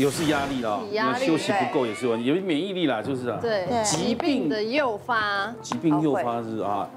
有是壓力啦、喔，壓休息不夠也是有，有對 免疫力啦，就是啊，對疾病的誘發，疾病誘發是啊，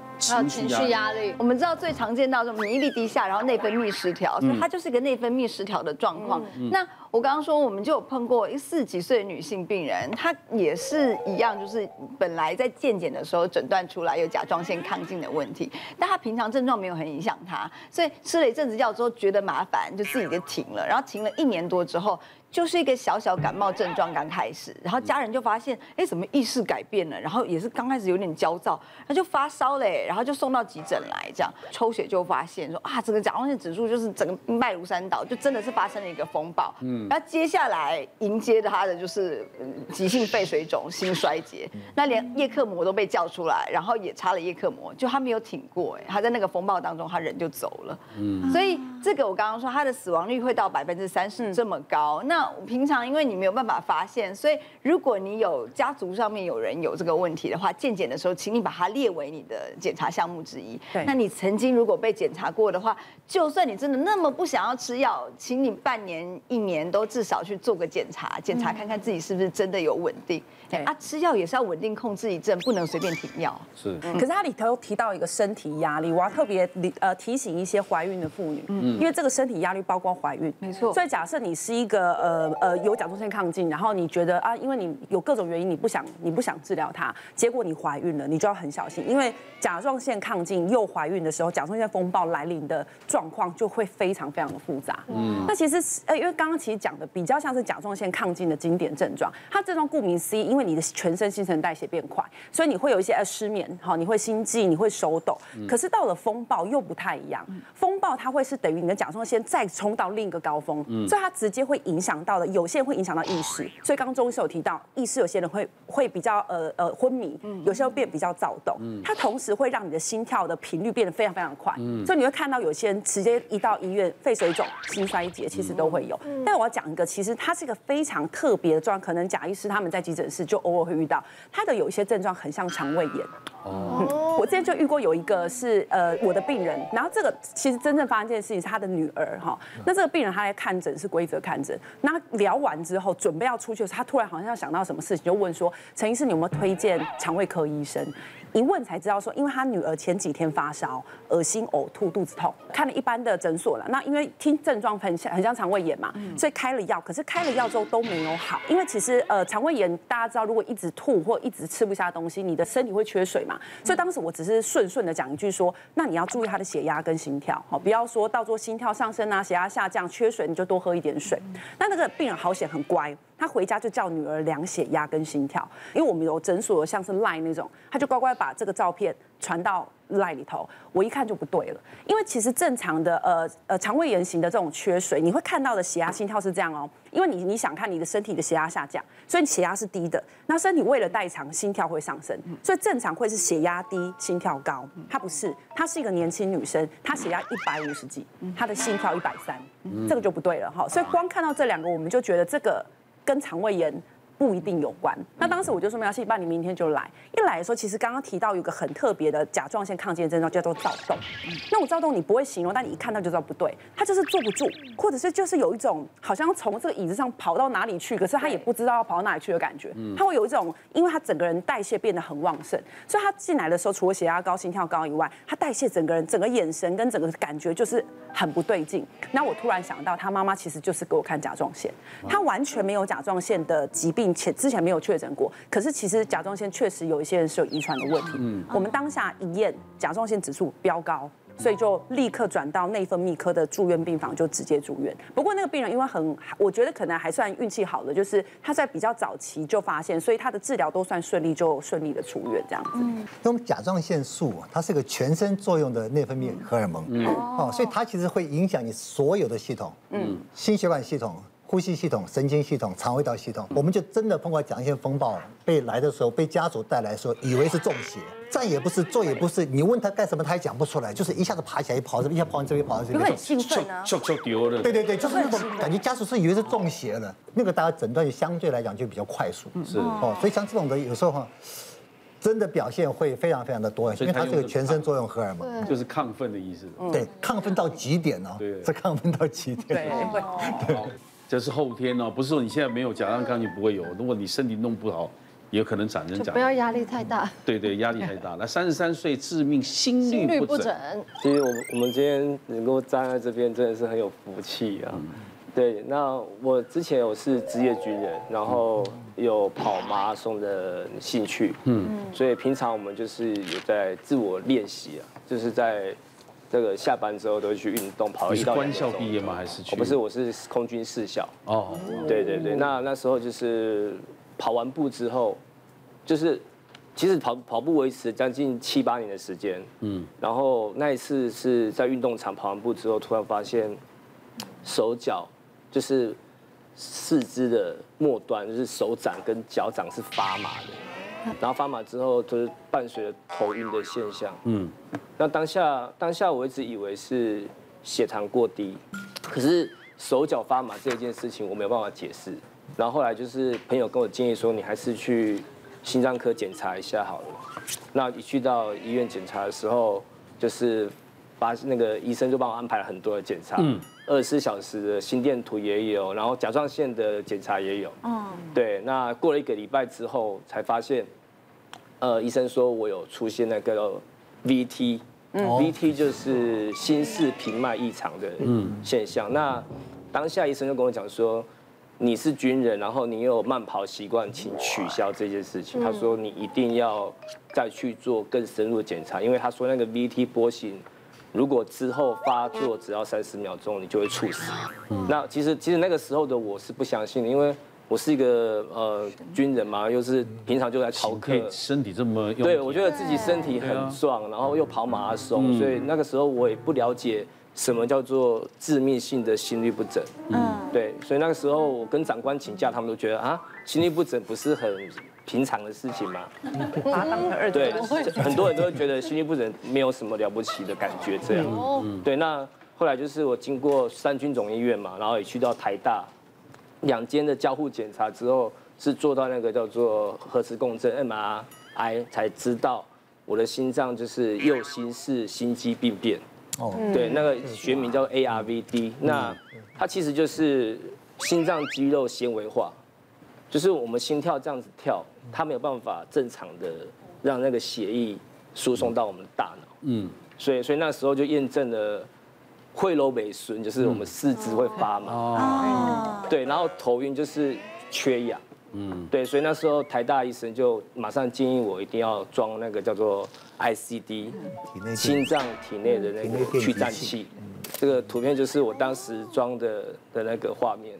情緒壓力。我們知道最常見到是免疫力低下，然後內分泌失調，所以它就是一個內分泌失調的狀況。那我剛剛說我們就有碰過一四幾歲的女性病人，她也是一樣，就是本來在健檢的時候診斷出來有甲狀腺亢進的問題，但她平常症狀沒有很影響她，所以吃了一陣子藥之後覺得麻煩，就自己就停了，然後停了一年多之後。就是一個小小感冒症狀剛開始，然後家人就發現，哎，怎麼意識改變了？然後也是剛開始有點焦躁，他就發燒了，然後就送到急診來，這樣抽血就發現說啊，整個甲狀腺指數就是整個脈如山倒，就真的是發生了一個風暴。嗯，然後接下來迎接他的就是急性肺水腫、心衰竭，那連葉克膜都被叫出來，然後也插了葉克膜，就他沒有挺過，哎，他在那個風暴當中，他人就走了。嗯，所以。這個我剛剛說，它的死亡率會到百分之三十這麼高。那我平常因為你沒有辦法發現，所以如果你有家族上面有人有這個問題的話，健檢的時候，請你把它列為你的檢查項目之一。對那你曾經如果被檢查過的話，就算你真的那麼不想要吃藥，請你半年一年都至少去做個檢查，檢查看看自己是不是真的有穩定。嗯、對啊，吃藥也是要穩定控制一陣，不能隨便停藥。是。嗯、可是它裡頭提到一個身體壓力，我要特別呃提醒一些懷孕的婦女。嗯。因為這個身體壓力包括懷孕，沒錯。所以假設你是一個呃呃有甲狀腺亢進，然後你覺得啊，因為你有各種原因，你不想你不想治療它，結果你懷孕了，你就要很小心，因為甲狀腺亢進又懷孕的時候，甲狀腺風暴來臨的狀況就會非常非常的複雜。嗯。那其實呃，因為剛剛其實講的比較像是甲狀腺亢進的經典症狀，它症狀顧名思義，因為你的全身新陳代謝變快，所以你會有一些呃失眠，好，你會心悸，你會手抖。嗯。可是到了風暴又不太一樣，風暴它會是等於。你的甲狀腺再衝到另一個高峰，嗯、所以它直接會影響到的，有些人會影響到意識。所以剛鍾醫師有提到，意識有些人會會比較呃呃昏迷，嗯、有些人會變比較躁動。嗯、它同時會讓你的心跳的頻率變得非常非常快，嗯、所以你會看到有些人直接一到醫院，肺水腫、心衰竭其實都會有。嗯、但我要講一個，其實它是一個非常特別的狀況，可能賈醫師他們在急診室就偶爾會遇到，它的有一些症狀很像腸胃炎。哦、嗯，我之前就遇過有一個是呃我的病人，然後這個其實真正發生這件事情是他的女兒哈、哦。那這個病人他在看診是規則看診，那聊完之後準備要出去的時候，他突然好像想到什麼事情，就問說：“陳醫生，你有沒有推薦腸胃科醫生？”一問才知道說，因為他女兒前幾天發燒、噁心嘔、嘔吐、肚子痛，看了一般的診所了。那因為聽症狀很像很像腸胃炎嘛，所以開了藥。可是開了藥之後都沒有好，因為其實呃腸胃炎大家知道，如果一直吐或一直吃不下東西，你的身體會缺水嘛。所以當時我只是順順的講一句說，那你要注意他的血壓跟心跳，好，不要說到做心跳上升啊，血壓下降，缺水你就多喝一點水。那那個病人好險，很乖。他回家就叫女兒量血壓跟心跳，因為我們有診所像是 LINE 那種，他就乖乖把這個照片傳到 LINE 裡頭。我一看就不對了，因為其實正常的呃呃腸胃炎型的這種缺水，你會看到的血壓心跳是這樣哦，因為你你想看你的身體的血壓下降，所以你血壓是低的，那身體為了代償，心跳會上升，所以正常會是血壓低、心跳高，他不是，他是一個年輕女生，她血壓一百五十幾，她的心跳一百三，這個就不對了哈。所以光看到這兩個，我們就覺得這個。跟腸胃炎。不一定有關。那當時我就說沒關係，那你明天就來。一來的時候，其實剛剛提到有一個很特別的甲狀腺亢進症狀，叫做躁動。那我躁動，你不會形容，但你一看到就知道不對。他就是坐不住，或者是就是有一種好像從這個椅子上跑到哪裡去，可是他也不知道要跑到哪裡去的感覺。對他會有一種，因為他整個人代謝變得很旺盛，所以他進來的時候，除了血壓高、心跳高以外，他代謝整個人、整個眼神跟整個感覺就是很不對勁。那我突然想到，他媽媽其實就是給我看甲狀腺，他完全沒有甲狀腺的疾病。之前沒有確診過，可是其實甲狀腺確實有一些人是有遺傳的問題。嗯，我們當下一驗甲狀腺指數飆高，所以就立刻轉到內分泌科的住院病房，就直接住院。不過那個病人因為很，我覺得可能還算運氣好的，就是他在比較早期就發現，所以他的治療都算順利，就順利的出院。這樣子，因為我們甲狀腺素它是一個全身作用的內分泌荷爾蒙，嗯，嗯，哦，所以它其實會影響你所有的系統，嗯，心血管系統。呼吸系統、神經系統、腸胃道系統，我們就真的碰到甲狀腺風暴，被來的時候被家屬帶來，的時候以為是中邪，站也不是，坐也不是，你問他幹什麼，他也講不出來，就是一下子爬起來一跑，一下跑往這邊跑往那邊，就很興奮啊！對對對，對，就是那種感覺。家屬是以為是中邪了，那個大家診斷相對來講就比較快速。是的 哦，所以像這種的有時候哈，真的表現會非常非常的多，因為它這個全身作用荷爾蒙，就是亢奮的意思。嗯、對，亢奮到極點呢，對，這亢奮到極點，哦，對。對 這是後天哦，不是說你現在沒有，甲狀腺亢進就不會有。如果你身體弄不好，也有可能長成甲亢。不要壓力太大。嗯、對對，壓力太大那三十三歲致命心律不心律不整。其實我我們今天能夠站在這邊，真的是很有福氣啊。對，那我之前我是職業軍人，然後有跑馬拉松的興趣，嗯，所以平常我們就是有在自我練習啊，就是在。這個下班之後都會去運動，跑一道。你是官校畢業嗎？還是去？我不是，我是空軍四校。哦，oh, 對對對，那那時候就是跑完步之後，就是其實跑跑步維持將近七八年的時間。嗯，然後那一次是在運動場跑完步之後，突然發現手腳就是四肢的末端，就是手掌跟腳掌是發麻的。然後發麻之後，就是伴隨着頭暈的現象。嗯，那當下當下我一直以為是血糖過低，可是手腳發麻這一件事情，我沒有辦法解釋。然後後來就是朋友跟我建議說，你還是去心臟科檢查一下好了。那一去到醫院檢查的時候，就是把那個醫生就幫我安排了很多的檢查。嗯。二十四小時的心電圖也有，然後甲狀腺的檢查也有。嗯，oh. 對，那過了一個禮拜之後，才發現，呃，醫生說我有出現那個 VT，VT, Oh. VT 就是心室頻脈異常的現象。Oh. 那當下醫生就跟我講說，你是軍人，然後你有慢跑習慣，請取消這件事情。Wow. 他說你一定要再去做更深入的檢查，因為他說那個 VT 波形。如果之後發作只要三十秒鐘，你就會猝死。嗯、那其實其實那個時候的我是不相信的，因為我是一個呃軍人嘛，又是平常就在逃課，身體這麼，對我覺得自己身體很壯，啊啊、然後又跑馬拉松，嗯、所以那個時候我也不了解什麼叫做致命性的心律不整。嗯，對，所以那個時候我跟長官請假，他們都覺得啊，心律不整不是很。平常的事情嘛，對，會很多人都會覺得心律不整沒有什麼了不起的感覺，這樣、嗯，嗯嗯、對。那後來就是我經過三軍總醫院嘛，然後也去到台大，兩間的交互檢查之後，是做到那個叫做核磁共振 MRI 才知道我的心臟就是右心室心肌病變。哦，對，那個學名叫 ARVD，嗯、那它其實就是心臟肌肉纖維化。就是我們心跳這樣子跳，它沒有辦法正常的讓那個血液輸送到我們的大腦，嗯，所以所以那時候就驗證了會肉萎縮，就是我們四肢會發麻，哦，哦嗯、對，然後頭暈就是缺氧，嗯，對，所以那時候台大醫生就馬上建議我一定要裝那個叫做 I C D，心臟體內的那個除顫器，器嗯、這個圖片就是我當時裝的的那個畫面。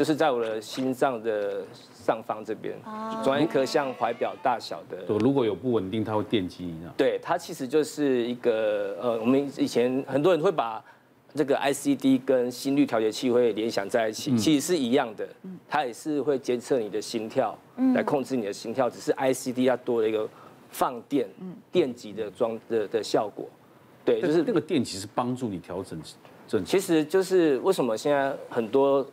就是在我的心臟的上方這邊裝一顆像懷錶大小的。如果有不穩定，它會電擊一樣。對，它其實就是一個呃，我們以前很多人會把這個 I C D 跟心率調節器會聯想在一起，其實是一樣的，它也是會監測你的心跳，來控制你的心跳，只是 I C D 它多了一個放電、電極的裝的的效果。對，就是那個電極是幫助你調整正。其實就是為什麼現在很多。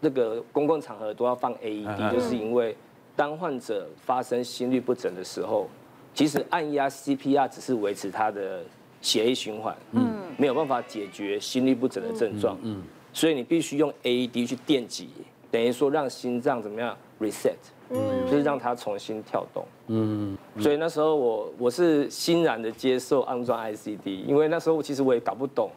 這個公共場合都要放 AED，嗯、就是因為當患者發生心律不整的時候，其實按壓 CPR 只是維持他的血液循環，嗯，沒有辦法解決心律不整的症狀，嗯，嗯，嗯，所以你必須用 AED 去電擊，等於說讓心臟怎麼樣 reset，嗯、就是讓它重新跳動，嗯，嗯，所以那時候我我是欣然的接受安裝 ICD，因為那時候其實我也搞不懂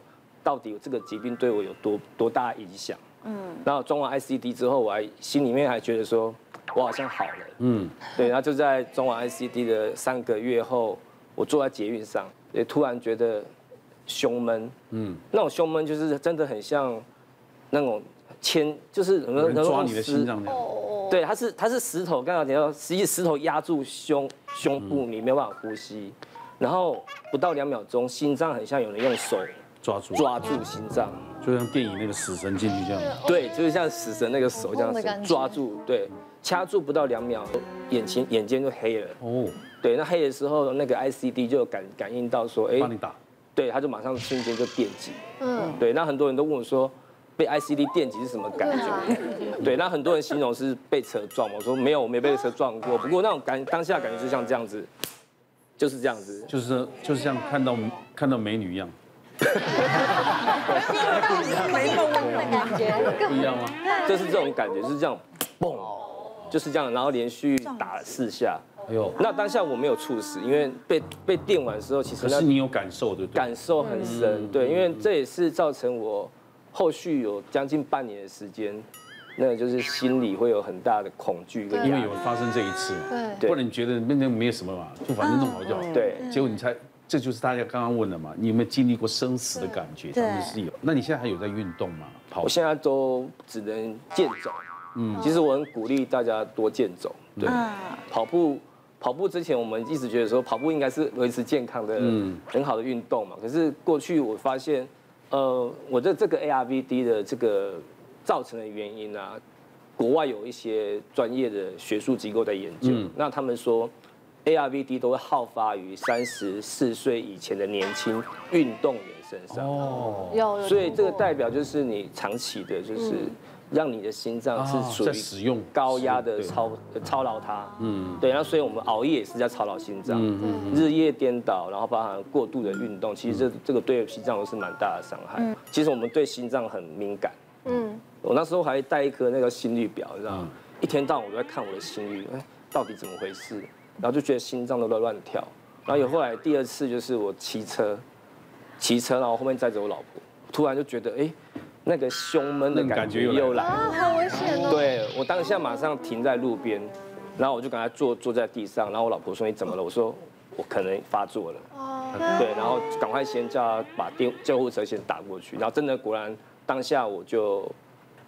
到底有這個疾病對我有多多大影響。嗯，然後裝完 I C D 之後，我還心裡面還覺得說，我好像好了。嗯，對，然後就在裝完 I C D 的三個月後，我坐在捷運上，也突然覺得胸悶。嗯，那種胸悶就是真的很像那種牽就是有人抓你的心臟哦對，它是它是石頭，剛剛你說實際石頭壓住胸胸部，你沒有辦法呼吸。嗯，然後不到兩秒鐘，心臟很像有人用手抓住抓住心臟。嗯就像電影那個死神進去這樣，對，就是像死神那個手這樣，抓住，對，掐住不到兩秒，眼前眼睛就黑了。哦，對，那黑的時候，那個 I C D 就有感感應到說，哎，幫你打，對，他就馬上瞬間就電擊。嗯，對，那很多人都問我說，被 I C D 電擊是什麼感覺？對，那很多人形容是被車撞，我說沒有，我沒被車撞過。不過那種感當下感覺就像這樣子，就是這樣子，就是就是像看到看到美女一樣。 感覺不一樣嗎？就是這種感覺，是這樣，嘣，就是這樣，然後連續打四下。哎呦，那當下我沒有猝死，因為被被電完之後，其實可是你有感受的，感受很深，對，因為這也是造成我後續有將近半年的時間，那就是心裡會有很大的恐懼，因為有發生這一次，不能覺得那那沒有什麼嘛，就反正弄好就好。對，結果你猜？這就是大家剛剛問了嘛？你有沒有經歷過生死的感覺？他對對 們是有。那你現在還有在運動嗎？跑步我現在都只能健走。嗯，其實我很鼓勵大家多健走。對，跑步，跑步之前我們一直覺得說跑步應該是維持健康的很好的運動嘛。可是過去我發現，呃，我的這個 ARVD 的這個造成的原因啊，國外有一些專業的學術機構在研究。那他們說。ARVD 都會好發於三十四歲以前的年輕運動員身上。哦，有，所以這個代表就是你長期的，就是讓你的心臟是屬於使用高壓的操操勞它。嗯，對，然後所以我們熬夜也是在操勞心臟，日夜顛倒，然後包含過度的運動，其實這這個對心臟都是蠻大的傷害。其實我們對心臟很敏感。嗯，我那時候還帶一顆那個心率表，你知道嗎？一天到晚我都在看我的心率，哎，到底怎麼回事？然後就覺得心臟都在亂、亂跳，然後有後來第二次就是我騎車，騎車然後後面載着我老婆，突然就覺得哎，那個胸悶的感覺又來，啊，很危險了，對，我當下馬上停在路邊，然後我就趕快坐坐在地上，然後我老婆說你怎麼了？我說我可能發作了，哦，對，然後趕快先叫他把電救護車先打過去，然後真的果然當下我就。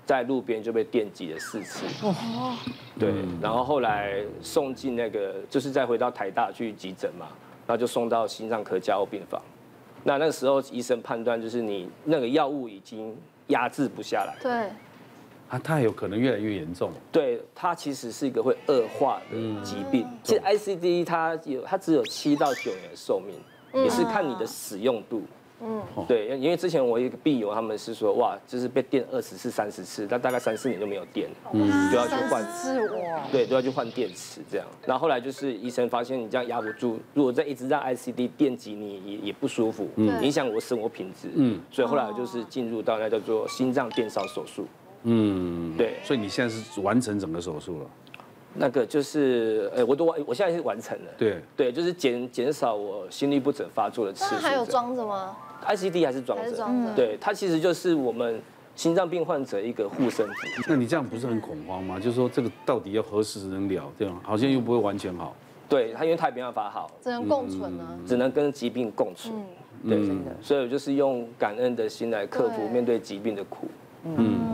在路邊就被電擊了四次，哦，對，嗯、然後後來送進那個，就是再回到台大去急診嘛，然後就送到心臟科加護病房。那那個時候醫生判斷就是你那個藥物已經壓制不下來，對，啊，它有可能越來越嚴重。對，它其實是一個會惡化的疾病。嗯、其實 ICD 它有它只有七到九年的壽命，也是看你的使用度。嗯，對，因為之前我一個病友他們是說，哇，就是被電二十次、三十次，但大概三四年都沒有電，嗯，就要去換。我對，就要去換電池這樣。然後，後來就是醫生發現你這樣壓不住，如果再一直讓 I C D 電擊你也，也也不舒服，嗯，影響我生活品質。嗯。所以後來就是進入到那叫做心臟電燒手術。嗯，對。所以你現在是完成整個手術了。那個就是，我都我現在是完成了。對對，就是減減少我心律不整發作的次數。還有裝着嗎？I C D 還是裝的？裝著。對，它其實就是我們心臟病患者一個護身符。那你這樣不是很恐慌嗎？就是說，這個到底要何時能了？這樣好像又不會完全好。對，它因為太沒辦法好，只能共存呢，只能跟疾病共存。嗯。對。所以就是用感恩的心來克服面對疾病的苦。嗯。